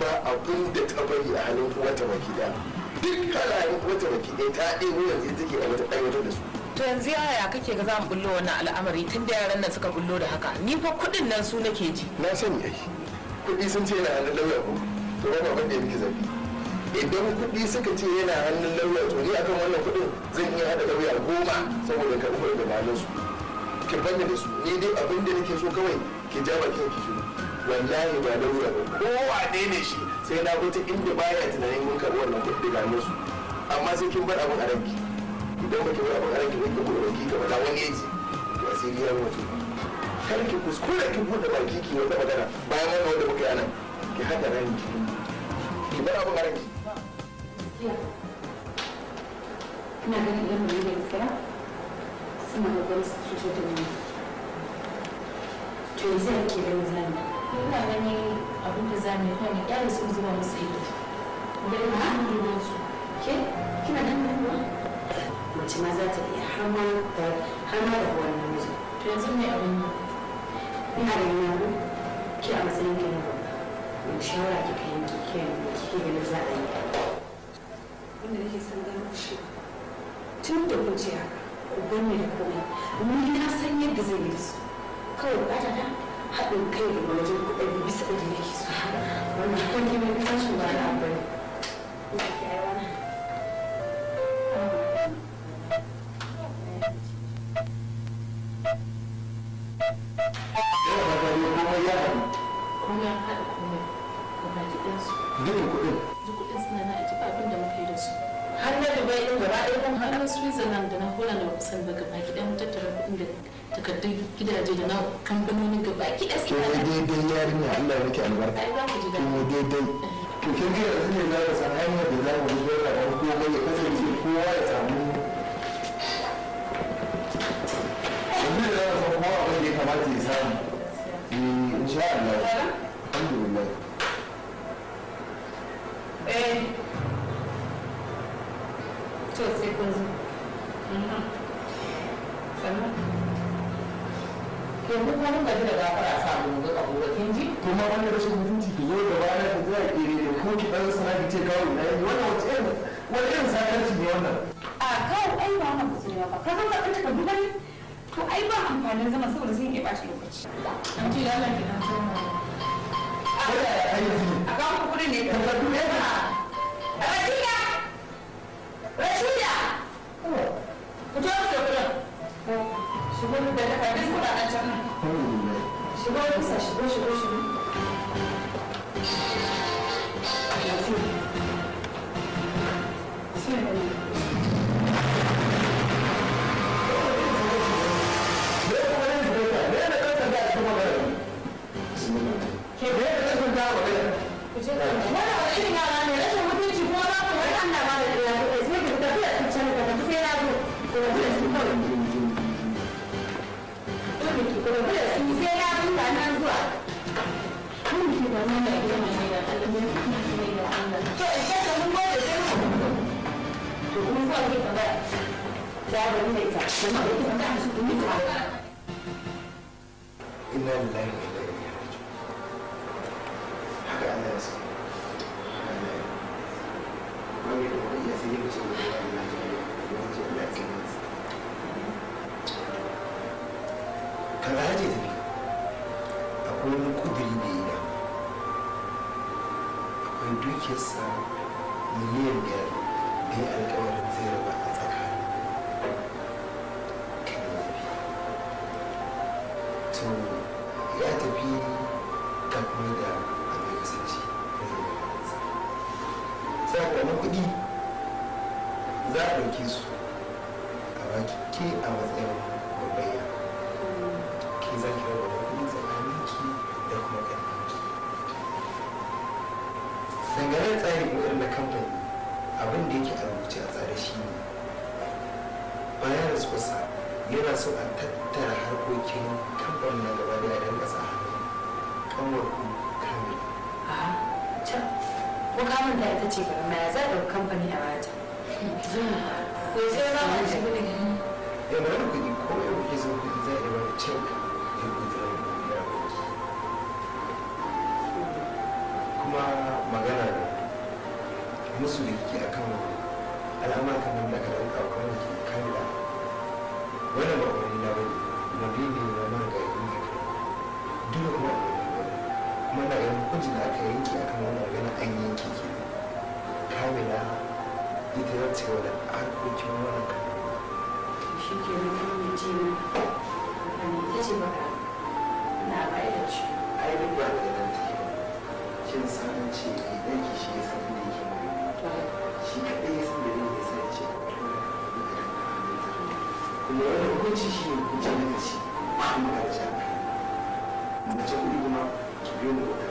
ba abin da ta bari a hannun wata baki da duk halayen uwarta baki ɗaya ta ɗebo yanzu ita ke ɗaya da su to yanzu yaya kake ga zamu bullo wannan al'amari tun da yaran nan suka bullo da haka ni fa kuɗin nan su nake ji na sani ai kuɗi sun ce yana hannun lauya ko to ba ba da yake zabi idan kuɗi suka ce yana hannun lauya to ni akan wannan kuɗin zan iya haɗa lauya goma saboda ka umar da malin su ki bani da su ni dai abin da nake so kawai ki jama'a bakin ki shiru wallahi ba da wuya ba kowane ne shi sai na huta inda baya tunanin mun karɓi wannan kuɗi ga musu amma sai kin bar abin a ranki idan ba ki bar abin a ranki ɗin ka buɗe baki ka faɗa wani yaji to asiri wa mutum kar ki kuskure ki buɗe baki ki wata magana bayan wannan wanda muka yi anan ki haɗa ranki ki bar abin a ranki. ina ganin idan mai da gaskiya suna da gwamnati cutar da mu to yanzu ake ganin zani ina ganin abin da za mu yi kawai kyale su zuwa musu ido idan na yi su ke kina nan nan ba mace ma za ta iya har ma da har ma da wani namiji to yanzu me abin yi ina da yana ki a matsayin ki na babba shawara ki ka yanke ki kike ganin za a yi wanda nake son ganin shi tun da kuce haka ku gwanne da komai ni na san yadda zai yi su kawai bukata ta haɗin kai daga wajen kuɗin bisa da yake su wannan kan a mai ba ke daidai yarinya Allah ya miki albarka daidai kin ga yanzu ne za san hanyar da za mu bi da ran komai ya kasance kowa ya samu yanzu da za san kowa abin da ya kamata ya samu eh, insha Allah alhamdulillah eh to sai kun zo mhm. sannan kuma mun gaji da gafara kuma wani rashin mutunci ke yau gaba na ta zai kere da ko ki ɗan sana ki ce kawo na yi wani wace irin wani irin sakarci ne wannan a kawo ai ba mu sun ya ba ka zama ka cika duba to ai ba amfanin zama saboda sun iya bashi lokaci an ce ya ki na wani. a kawo kudin ne ka ga duba Rashida Rashida ku je ku da shigo da takardun kudaden can shigo kusa shigo shigo shigo 있으면 되는 거예요. Thank you. 过来，准备。再来一次，准备好，准备开始，准备走啊！你们来。discourse yana so a tattara harkokin kamfan na gaba da yadan kasa kamar ku can ko kamar da ita ce gaba ya za da kamfani a wajen ko sai za a ci gudun ya bari kuɗi ko ya kuke zo kuɗi za a yi wani cek ya kuɗi kuma magana da musu da kike akan al'amuran kamar da aka ɗauka kwanaki kamila wannan ba wani wani ne na nan ga yi duk da kuma da aka yanke an ke kamila ita ya ce wani harkokin wannan shi ke ce na ta ce ba na bayan a yi duk ba kin san ce idan shi ya san shi kuma wani hukunci shi ne hukunci na gaci shi ne da jami'a da mace kuɗi kuma ki biyo ni wata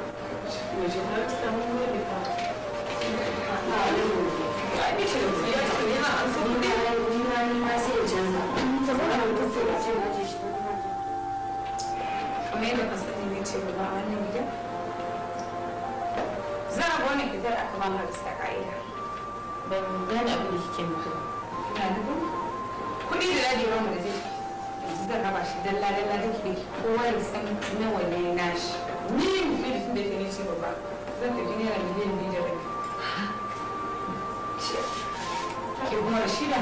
za a wani fitar a kamar marasa ƙa'ida ban gane abin da kike nufi ina nufin kuɗi da daɗi ba mu da zai yanzu zan raba shi dalla dalla da ke kowa ya san nawa ne na shi ni mutum da ke ne ce babba zan tafi naira miliyan ne da rabi ke kuma shida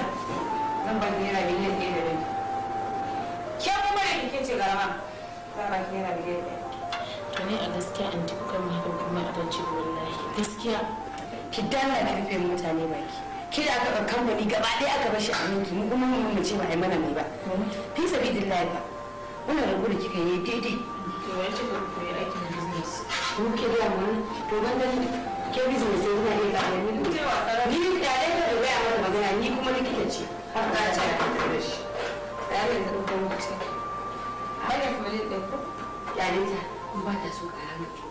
zan ba naira miliyan ɗaya da rabi ke kuma da kike ce garama za ba ki naira miliyan ne. to ne a gaskiya an tafi kan haka kuma a gaji wallahi gaskiya ki dalla da rufe mutane baki kira ka aka kamfani gaba ɗaya aka bashi a yanki mu kuma mun mace ba ai mana mai ba fi sabi din layi ba wannan rabu da kika yi daidai to wai ce ku koyi aikin business mu ke da mu to ban gani ke business sai kuna iya ƙara ni ni da dai ka dogaya mana magana ni kuma likita ce har ka ce da shi da ne da kuma ce ai ne familin ɗin ko ya ne ta ba ta so ƙara miki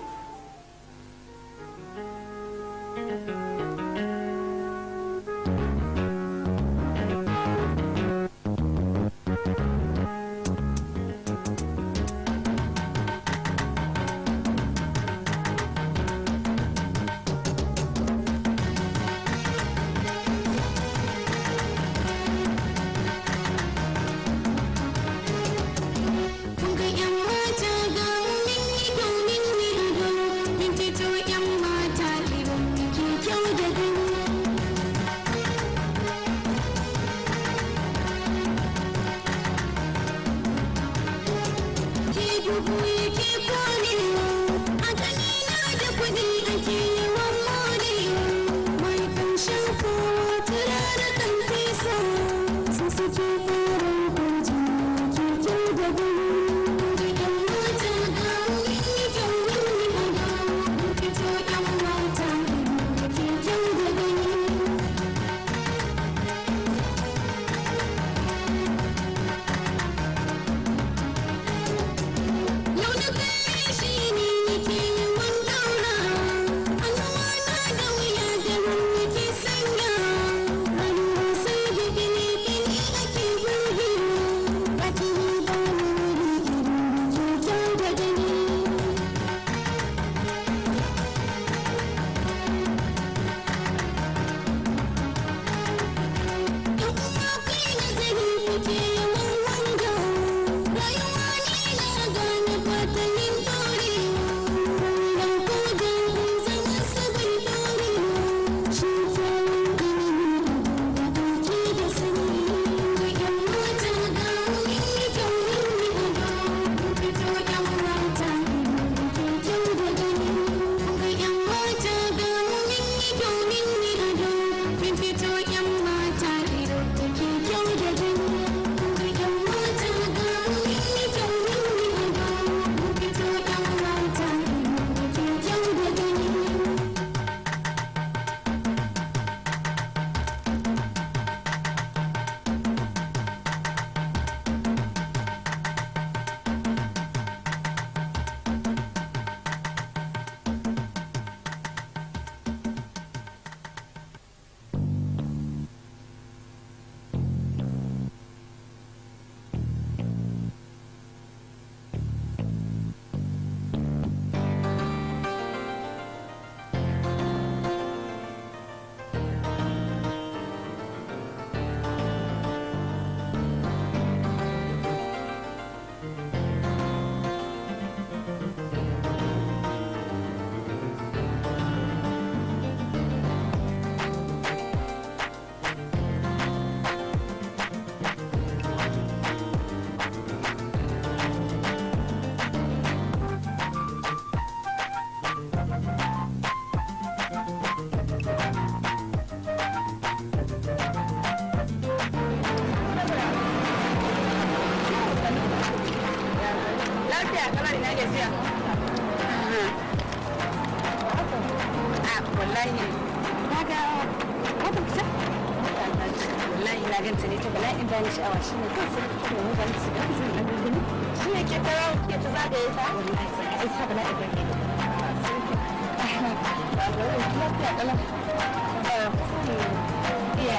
yawa shi ne kan gini shine mun su gani sun gani shi ne ke tara ke ta zagaye ta ai sa bala da gani ba ga wani lafiya kala ba iya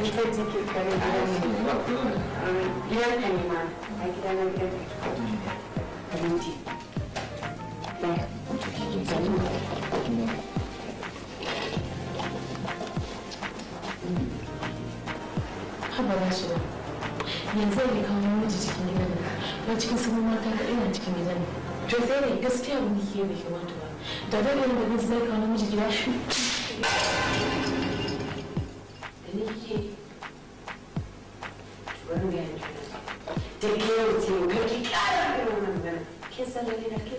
i e r Mtaziki e pale jirani. e e Jirani m alima a k i t a g a kwenda i kuchukua mti. Haba na shiga. Yanzu l e i k e w o miji cikin gidan ba cikin sabon mata kaɗai na c i r i n gidan ne. To sai ne gaskiya abin da ke bai kamata ba. Da daɗin da zai kawo miji e gida. the living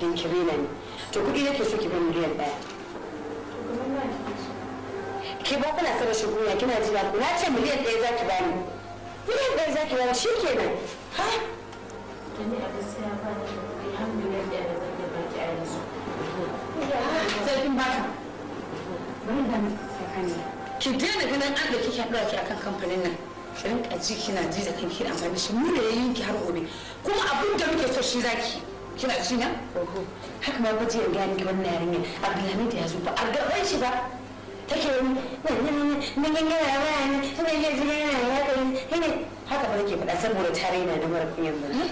gidan kirina ne to kuɗi yake so ki bi miliyan ɗaya ki ba kuna saba rashin ya kina jira ku na ce miliyan ɗaya za ki bani miliyan ɗaya za ki ni shi kenan ha sarkin baka bari ki daina ganin an da kike haɗuwa ki akan kamfanin nan rinka ji kina ji da kanki amfani shi mu ne yayin ki har gobe kuma abin da muke so shi zaki kina ci na haka ma bace in gani ki na yarinya abdulhamid ya zo ba a gaban shi ba take yi nan gangana ya waya ne suna yi jira yana ya kai yana haka ba ke faɗa saboda tare yana da mara kunyar ba hmm?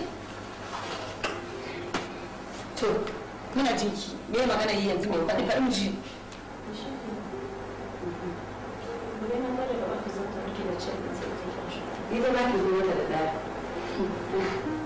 to muna jinki me magana yi yanzu mai faɗi faɗin ji Ita ma ke zo da ɗaya. Hmm.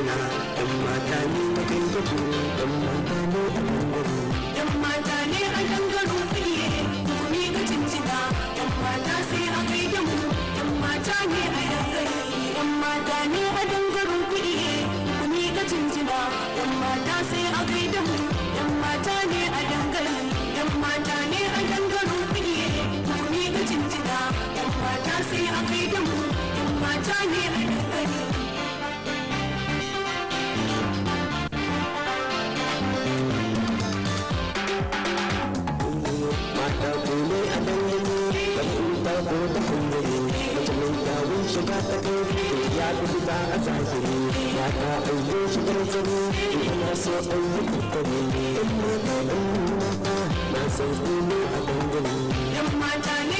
keena, dammataa a zahiri ya ka ɗauke shi yi na san a dangane yan mata ne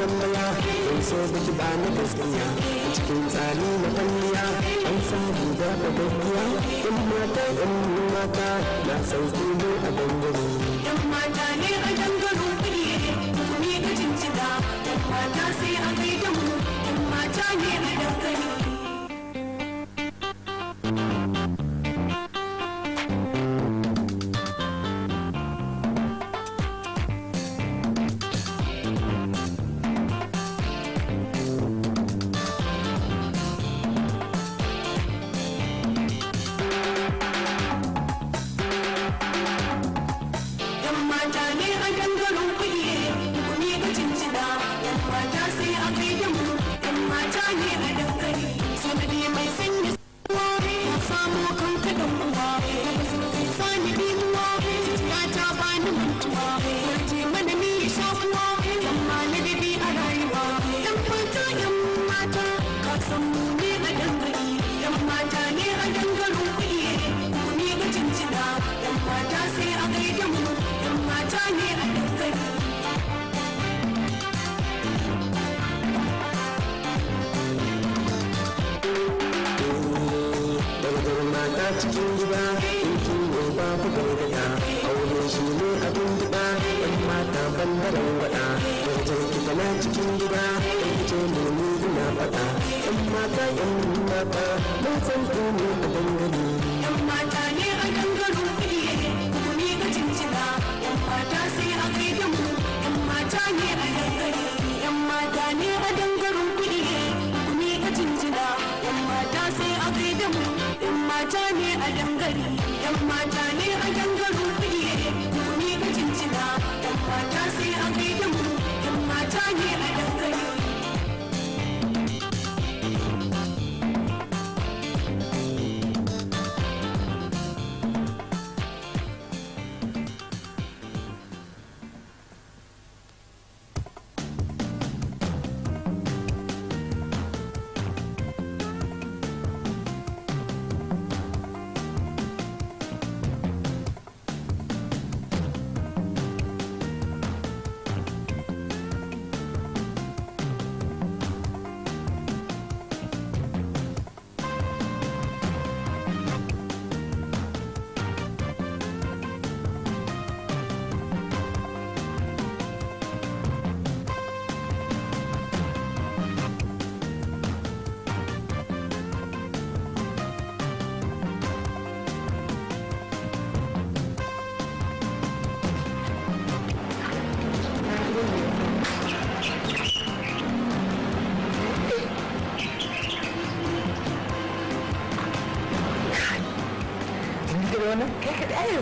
tambaya zan so da kiɗa na gaskiya a cikin tsari na kwalliya an samu da da gaskiya in mata in mata na san ne a dangaro. Yan mata ne a dangaro kuɗi ne ka cincida yan mata sai a kai da mu yan mata ne a dangaro. gargada aure shi ne abin gida yan mata bangaren wada jirgin kita na cikin gida yan ce ne ni ina faɗa yan mata yan mata mun san ku ne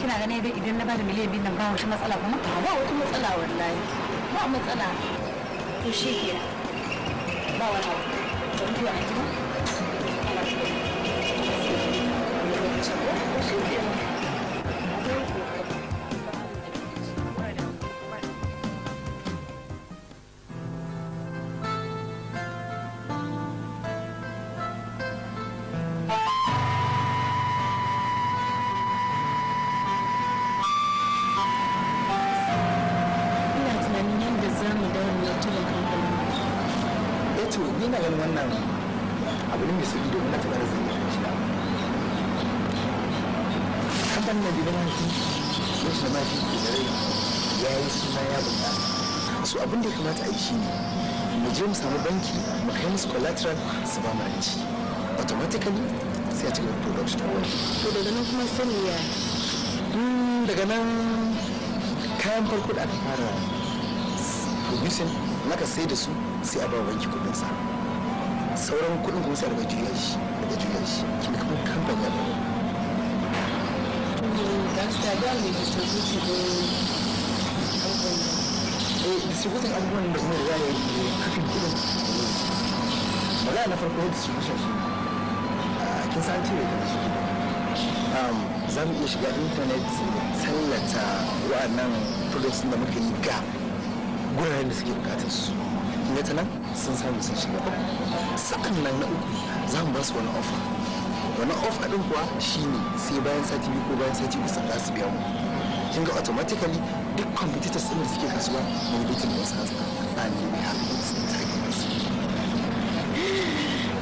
kina gane dai idan na bada miliyan biyu nan ba wata matsala kuma ba wata matsala wallahi ba matsala to shi ke ba wani abu don zuwa a gida Allah shi ke ina ganin wannan abu ne mai sauki da wani taɓa zai yi shi da kamfanin da gidan mafi yadda mafi ke da rai ya yi suna ya bunta so abin da ya kamata a yi shi ne mu je mu samu banki mu kai musu collateral su ba mu ranci automatically sai a cikin production wani to daga nan kuma sai ya hmm, daga nan kayan farko da aka fara producing naka sai da su sai a ba wanki kudin sa sauran kuɗin kuma sai daga juya shi daga juya shi kin kuma kamfani ya eh, distributing eh, abubuwan da kuma da ya yi kafin kudin magana na farko distribution shi ah, kin san ce za mu iya shiga intanet tallata wa'annan products da muka yi ga guraren da suke bukatar su kin ta nan sun samu sun shiga sakan nan na uku za mu ba su wani ofa wani ofa din kuwa shine sai bayan sati biyu ko bayan sati uku za su biya mu kin ga automatically duk competitors din da suke kasuwa mai bitin da sa ba ni we haɗu it in ta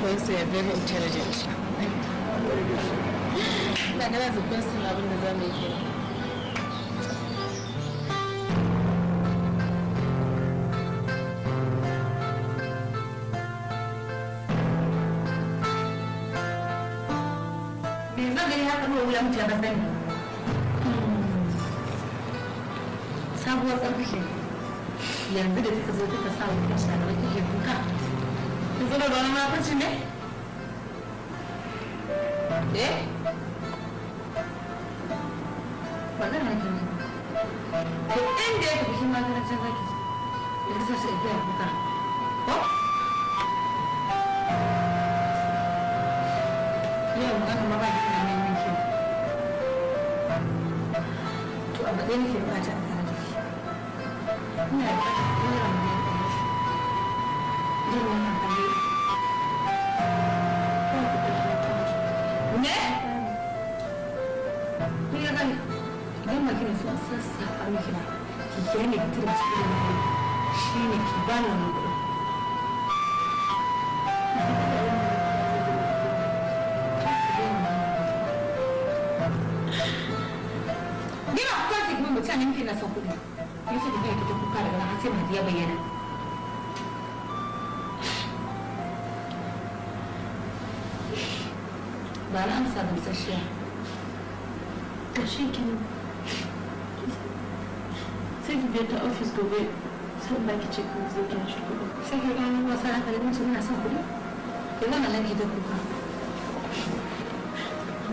well so you're very intelligent za mu kawai wuya sani hmm. sabuwar tsarki yanzu da kika zo kika sa wa kanci da kike kuka kin zo da wani ne eh wannan kin inda yake zaki kuka ko yau magana ɗaya nake bukata a da ke ina da bukatar da ne ya don magana sun sassa a rikina ki ki tura cikin shi ne ki bani wani tsakanin kina son kuɗi yusuf bai ta kuka daga nan sai ya bayyana ba na amsa gamsasshiya ta shi kenan sai ki biya ta ofis gobe sai ba ki ce ko zai kyan shi kuɗi sai ki gano wasa a da su muna son kuɗi ya zama lanki ta kuka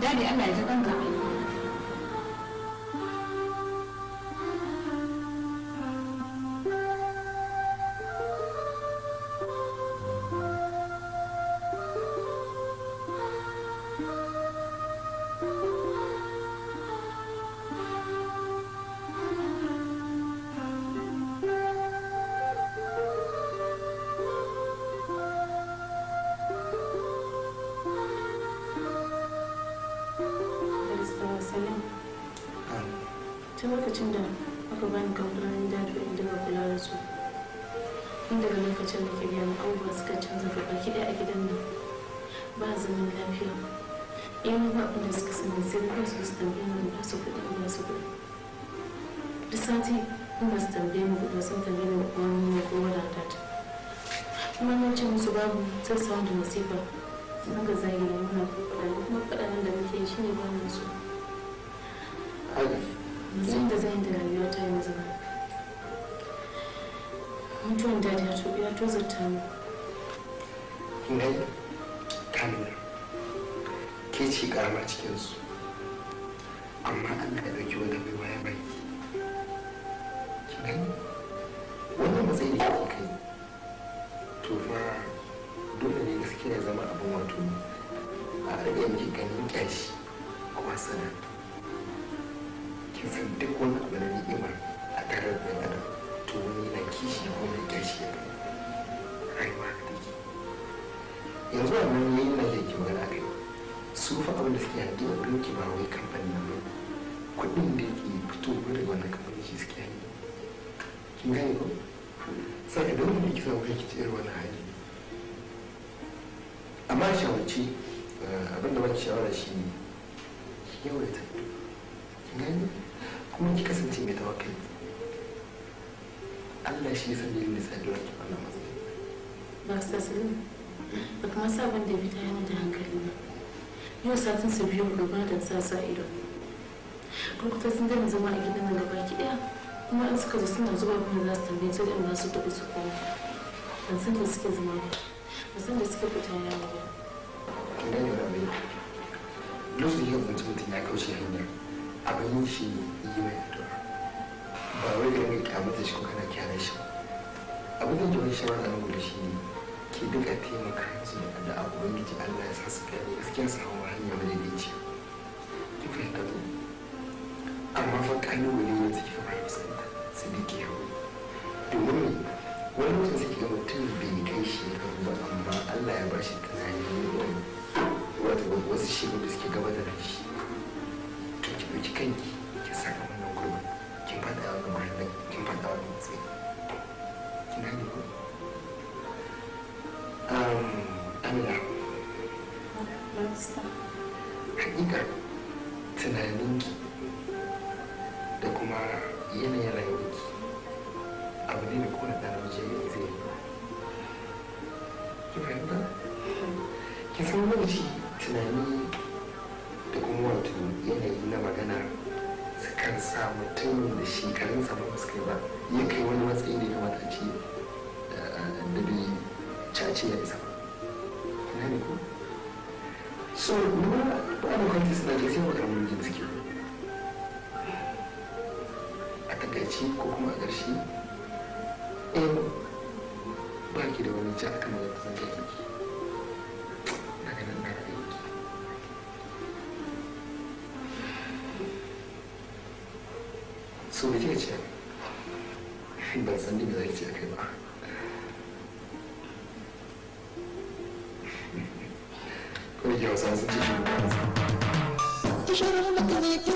dadi allah ya ji ɗan gaba abin da nake ganin kyashi a wasana kin san duk wani abu na ni'imar a tarar da yana to wani na kishi ko na kyashi ya kai rayuwa da ke yanzu a nan yayin da ke yake magana kai su fa abin da suke haɗi a wurin ki ba wai kamfanin nan ba kuɗin da yake fito wurin wannan kamfanin shi suke haɗi kin gane ko sai idan wani kisa wani kici irin wani hali amma shawarci Eh, abin da baki shawara shi ne ki yawaita kin gani kuma ki kasance mai tawakkali Allah shi ya san da yadda sai da ki wannan matsayi ba sa sanin ba kuma sabon da bi ta yana da hankali ba yau satin su biyu gaba da sa sa ido lokuta sun gani zama a gidan nan gaba ki daya kuma an suka zo suna zuwa mun za su tambaye su da in za su tafi ban san da suke zama ba ban san da suke fita yawo ba lokacin yau mutum ya kauce hanya abin yi shi ne yi mai addu'a ba wai da yanka kyamata shi kana kyara shi abin da shi ne ke duka taimaka su da addu'a ubangiji allah ya sa su gane gaskiyar sa hawa hanya mai daidaici duk da haka to amma fa kalubale ne suke fama da fuskanta bi ke hawa domin wani mutum suke ga mutum bai kai shi ba amma allah ya ba shi tunani wata ba wasu shirin da suke gabata da rashi to ki ɗauki kanki ki saka wannan gurbin kin faɗa wannan mahallin kin faɗa wannan ki na hanyar ko amina hakikar tunaninki da kuma yanayin rayuwarki abu ne da kowane ɗan namiji ya zai yi ki fahimta ki san wani lokaci tunani da kuma wato yanayi na magana su kan sa mutum da shekarunsa ba su kai ba ya kai wani matsayi da ya kamata ce eh, da bai cace ya isa kuna ne ko so kuma ba da kwanci suna ce sai wata makarar jin suke a takaici ko kuma a ƙarshe in eh, ba ki da wani ci aka magana sun kai 所这个钱，本身你没有钱，吧？一二三四，继续。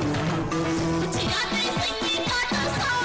Got this thing, we got the song.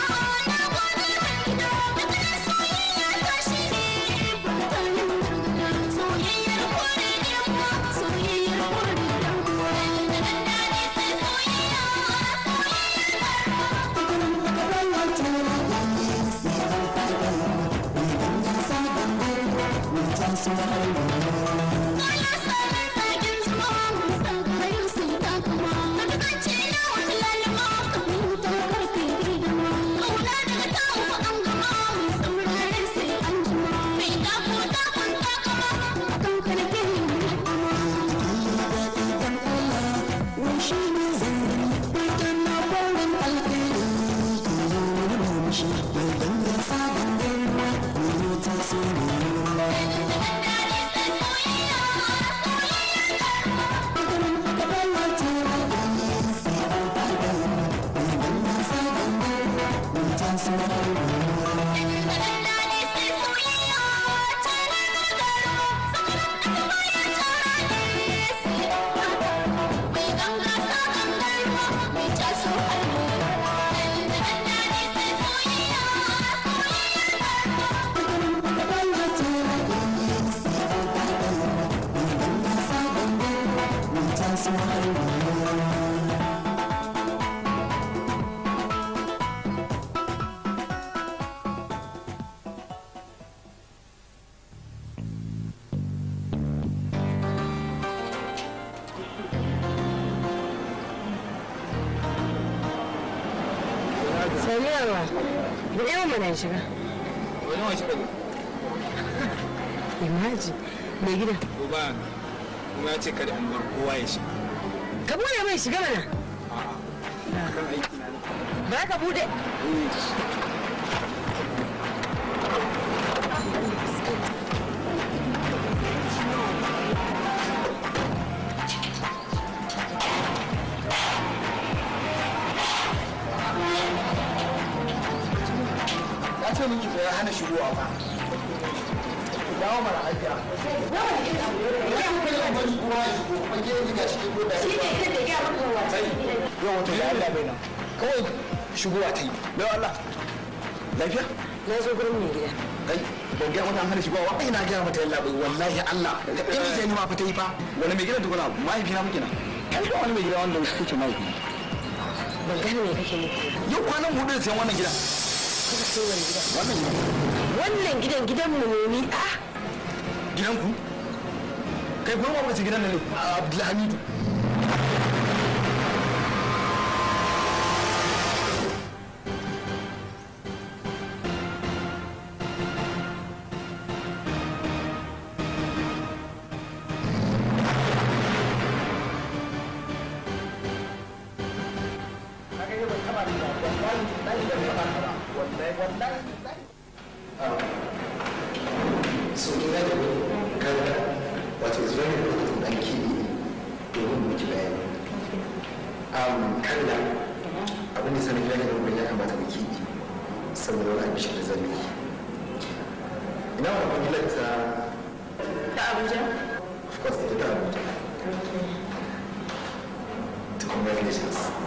yawa da yawa mana shiga wani wa shiga imaji mai ne ko ba kuma ya ce kada in bar kowa ya shiga ka bude mai mana ba bude eh. shigowa ba dawo mara hajiya wa ta yi yau wata ya Allah bai nan kawai shigowa ta yi bai Allah lafiya na zo gurin mai gida kai ban gaya mata hana shigowa ba ina gaya mata yalla wallahi Allah in ce ni ma fa ta yi fa wani mai gida tukuna mahaifina muke na kai ba wani mai gida wanda kuke mahaifi ban gane me kake nufi yau kwanan hudu da wannan gida wannan gidan gidan mu ne ni ah gidan ku kai kuma wace gidan ne Abdulhamidu Thank you. So together with what is very important and key to whom which man. Um, Canada, abin da sani fiye da ya kamata mu kiɗi saboda wani abin da zan yi. Ina wani kwangilar ta... Ta Abuja? Of course, ita Abuja. Okay. To congratulations.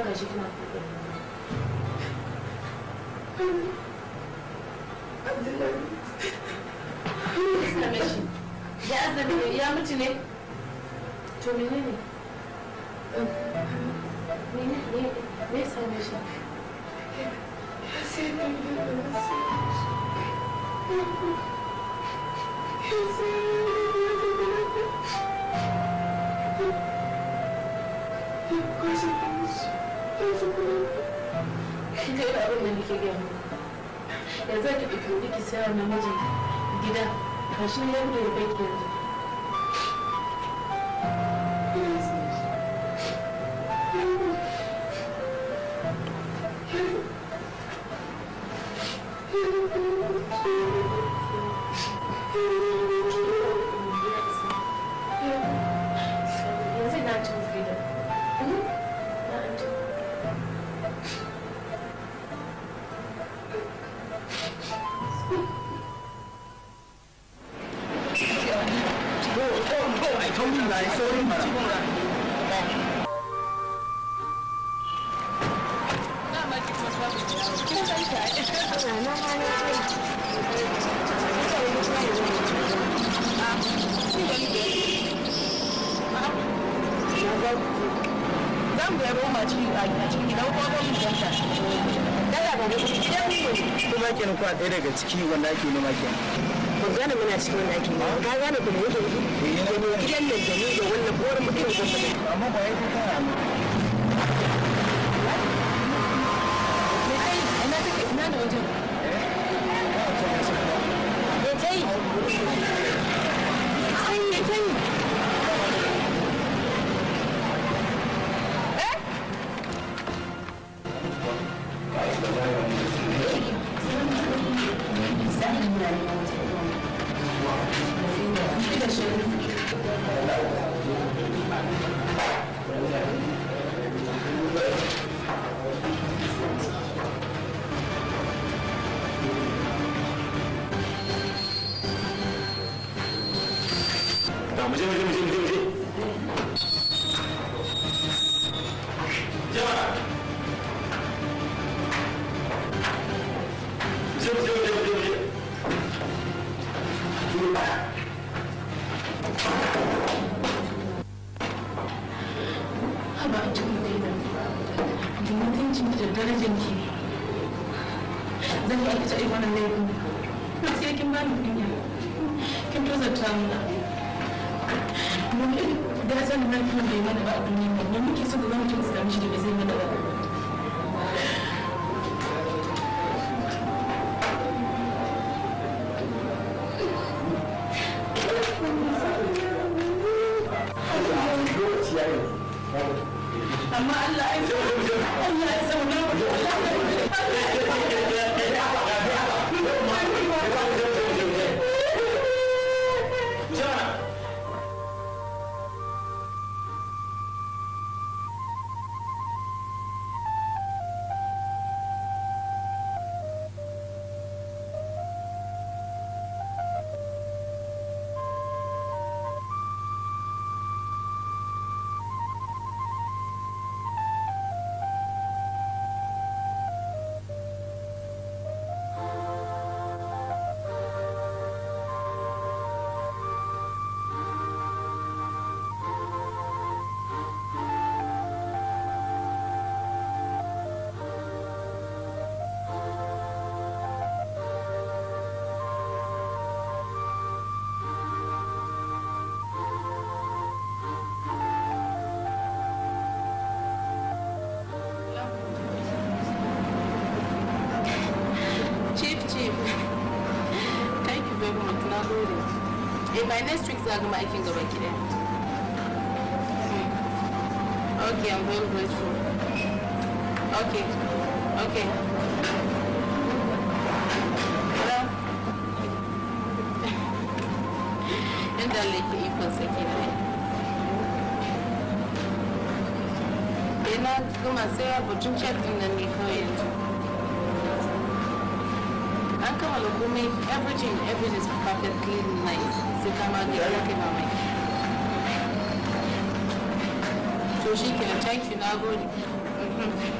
我感觉。naijin gida ba shi ya da ya bai saurin da kuma kwa ɗaya daga ciki wanda ake nema kenan yana cikin wani aikin ba ka gane kuma yake idan nan da ni da wannan buwar yi da ba y da zan nan kuma bai mana ba a duniya ne muke so ga mutum su sami shi da zai mana ba Okay, by next week za gama aikin gaba ki daya okay i'm very grateful okay okay inda lake ikon sake na ina kuma sai abu tun chat din nan the women, everything, everything is clean and nice. So come out, they look in my So she can thank you now, go. Mm -hmm.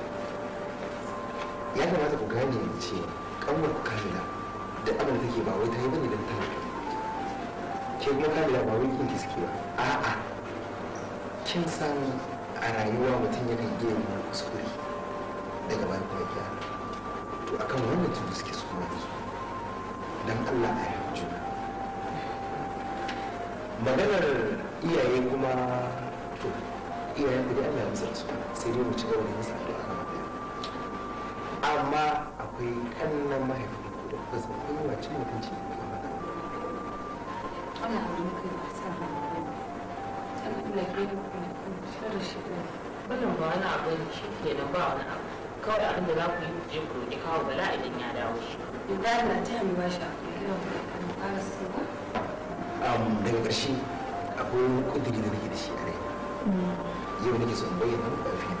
ya kamata ku gane ce kanwar kamila da abin da take ba wai ta yi bane don tana ke kuma kamila ba wai kin suke ba a'a kin san a rayuwa mutum yana iya yin kuskure daga bayan kuma ya to akan wannan tudu suke su kuma yanzu don allah a yi juna maganar iyaye kuma to iyayen ku allah ya musa su sai dai mu ci gaba da musa addu'a amma akwai kallon mahaifin da kuka su kai wa cin mutunci da ke mata. Allah ya kai ba sa ba. Allah kuma kai shirin shirin. Wannan ba wani abu ne shi ke nan ba wani abu. Kawai abin da za ku yi ku je ku roƙi kawo bala idan ya dawo shi. Ibrahim na taya mu ba shi abu ya kiran ku ba su ba. Daga ƙarshe akwai kudiri da nake da shi a rai. Mm. Yau nake son bayyana mu ƙarfi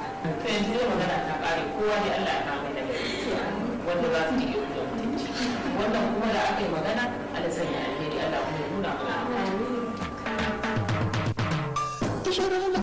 to yanzu dai magana ta kare kowa ne Allah ya kawo da wanda za su yi mutunci wannan kuma da aka yi magana